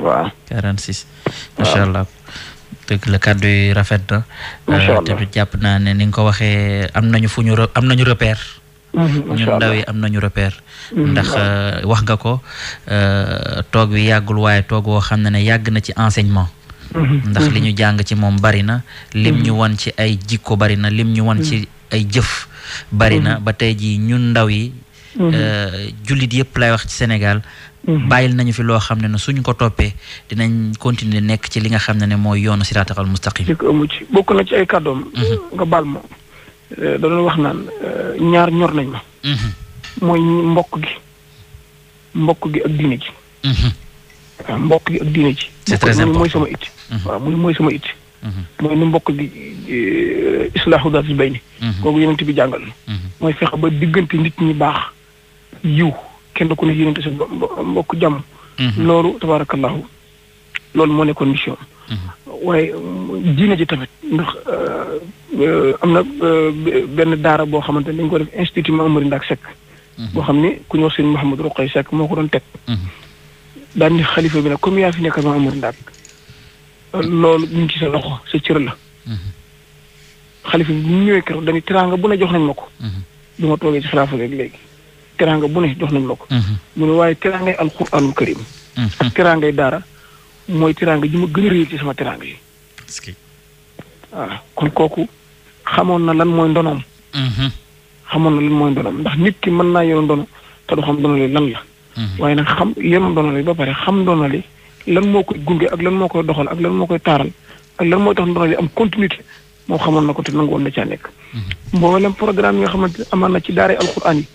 waaw 46. waaw macha allah dëgg kàddu yi rafet na. macha euh, jàpp naa ne ni nga ko waxee am nañu fu ñu am nañu repère. Mhm, ndaw yi am nañu repère. Mhm. ndax euh, wax nga ko euh, toog wi yàggul waaye toog woo xam ne ne yàgg na ci enseignement. Mhm, ndax li ñu jàng ci moom bari na. lim ñu wan ci ay jikko bari na lim ñu wan ci ay jëf. bari ba tey jii ñun ndaw yi. Mhm. Euh, jullit yëpp lay wax ci Sénégal. Mhm. bàyyil nañu fi loo xam ne ne suñ ko toppee dinañ continuer nekk ci li nga xam ne ne mooy yoonu siraatal al mustaqim. di ko ëmb ci bokk na ci ay kàddoom. Mhm. nga baal ma euh, da doon wax naan euh, ñaar ñor nañ ma. mooy mbokk gi mbokk gi ak diine ji. mbokk gi ak diine ji. c'est très important mooy sama it. mooy sama it. mooy ni mbokk gi islaahu daal di kooku yonent bi jàngal mooy fexe ba diggante nit ñi baax. yiw kenn du ko ne yéenante sa mbokk jam mhm. loolu tabaarakallaahu loolu moo nekkoon mission mhm. waaye mm, diine ji tamit ndax euh, euh, am na euh, benn daara boo xamante ni dañ ko def institut Mamadou Ndaak Seck mhm. boo xam ne ku ñuy wax sëñ Mouhamadou Roqay Seck moo ko doon teg daal ni xalifa bi nag comme yaa fi loolu ñu ngi ci sa loxo sa cër la xalifa bi bu ñëwee keroog dañuy teraanga bu ne jox nañ ma ko du ma toogee ci xilaafa léegi léegi teraanga bu ne jox nañ la ko. Mhm. mu ne waaye teraangay alxuraanul karim. Mhm. ak teraangay daara mooy teraanga ji ma gën a réer ci sama teraanga yi. waaw kon kooku xamoon na lan mooy ndonoom. Mhm. xamoon na lan mooy ndonoom ndax nit ki mën naa yoroon ndono te du xam ndono li lan waaye nag xam yoroon ndono ba pare xam ndono li lan moo koy gunge ak lan moo koy doxal ak lan moo koy taaral ak lan mooy tax ndono li am continuité moo xamoon na ko te nangu woon na caa nekk. mboolem programme yi nga xamante amaan na ci daaray alxuraan yi.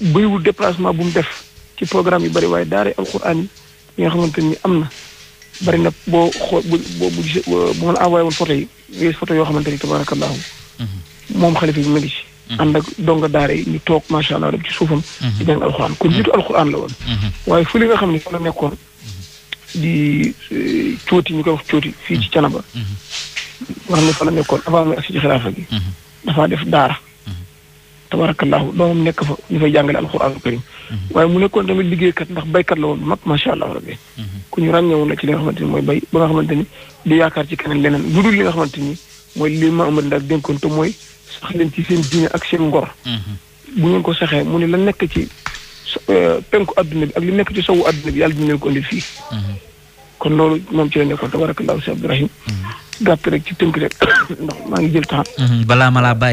bëriwul déplacement bu mu def ci programme yu bëri waaye daara alxuraan yi yi nga xamante ni am na bëri na boo xool bu boo bu boo euh, bu ma la envoyé woon yoo xamante ni tabaarakallaahu mhm. moom xalifa bi mu ci. Mhm. ànd ak donga daara ñu toog macha ci suufam. Mhm. di jàng alxuraan waaye fu li nga xam ne fa la nekkoon di euh, cooti ñu koy wax cooti fii ci canaba. nga xam ne fa la nekkoon avant muy agsi ci xilaafa gi. dafaa def daara. tabarakallahu doomam nekk fa ñu fay jàngale alxuraanu karim mhm. waaye mu nekkoon tamit liggéeykat ndax béykat la woon bu mag macha allah rabbi mhm. ku ñu ràññewoon la ci li nga ni mooy béy ba nga xamante ni di yaakaar ci keneen leneen lu dul li nga xamante ni mooy li ma amar ndaak dénkoon te ak seen ngor mhm. bu ngeen ko saxee mu ne la nekk ci euh, penku adduna bi ak li nekk ci sowu adduna bi yàlla dina leen ko indil kon loolu moom ci la nekkoon tabarakallahu si abdourahim gàtt rek ci tënk rek ndax maa ngi jël temps balaa ma laa bàyyi